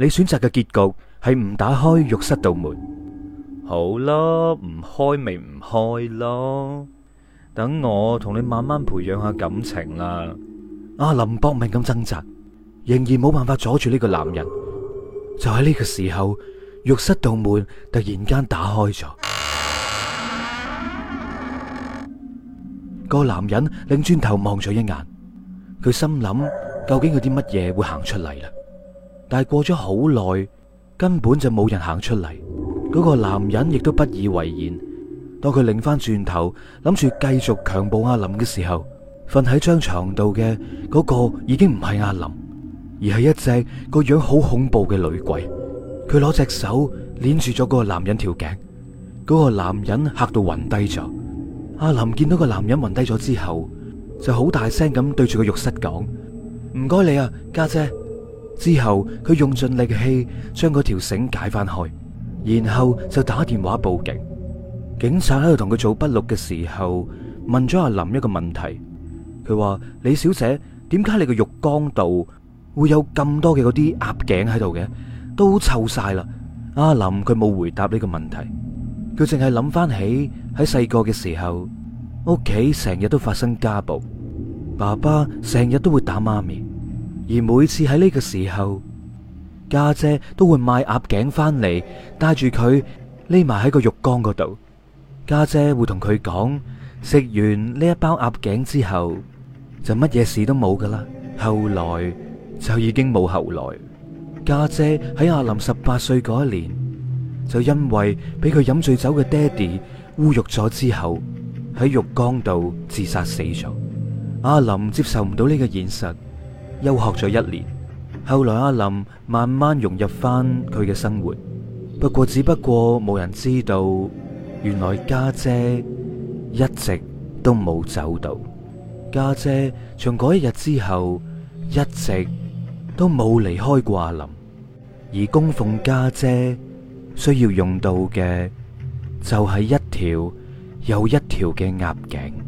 你選擇嘅結局係唔打開浴室道門，好咯，唔開咪唔開咯，等我同你慢慢培養下感情啦。阿林搏命咁掙扎，仍然冇辦法阻住呢個男人。就喺呢個時候，浴室道門突然間打開咗，個男人擰轉頭望咗一眼，佢心諗究竟有啲乜嘢會行出嚟啦。但係過咗好耐，根本就冇人行出嚟，嗰個男人亦都不以為然。當佢擰翻轉頭，諗住繼續強暴阿林嘅時候，瞓喺張床度嘅嗰個已經唔係阿林，而係一隻個樣好恐怖嘅女鬼。佢攞隻手捏住咗嗰個男人條頸，嗰個男人嚇到暈低咗。阿林見到個男人暈低咗之後，就好大聲咁對住個浴室講：唔該你啊，家姐。之後佢用盡力氣將嗰條繩解翻開，然後就打電話報警。警察喺度同佢做筆錄嘅時候，問咗阿林一個問題，佢話：李小姐，點解你個浴缸度會有咁多嘅嗰啲鴨頸喺度嘅？都臭晒啦！阿林佢冇回答呢個問題，佢淨係諗翻起喺細個嘅時候，屋企成日都發生家暴，爸爸成日都會打媽咪。而每次喺呢個時候，家姐都會買鴨頸翻嚟，帶住佢匿埋喺個浴缸嗰度。家姐會同佢講：食完呢一包鴨頸之後，就乜嘢事都冇噶啦。後來就已經冇後來。家姐喺阿林十八歲嗰一年，就因為俾佢飲醉酒嘅爹哋污辱咗之後，喺浴缸度自殺死咗。阿林接受唔到呢個現實。休學咗一年，後來阿林慢慢融入翻佢嘅生活。不過只不過冇人知道，原來家姐一直都冇走到。家姐從嗰一日之後，一直都冇離開過阿林，而供奉家姐需要用到嘅就係一條又一條嘅鴨頸。